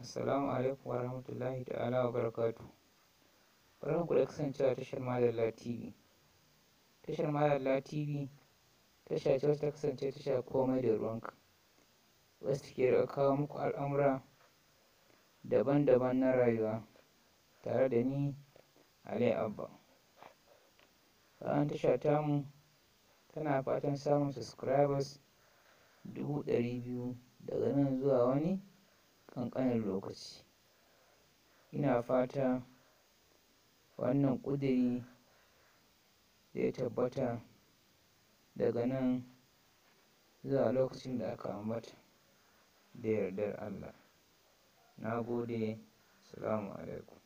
Assalamu alaikum wa rahmatullahi ta'ala wa barakatu. Barkan ku da kasancewa tashar Madalla TV. Tashar Madalla TV tasha ce ta kasance tasha komai da ruwanka. Wasu take da kawo muku al'amura daban-daban na rayuwa tare da ni Ali Abba. Bayan tasha ta mu tana fatan samun subscribers dubu ɗari biyu ƙanƙanin lokaci ina fata wannan ƙuduri zai tabbata daga nan zuwa lokacin da aka ambata da yardar Allah na gode salamu alaikum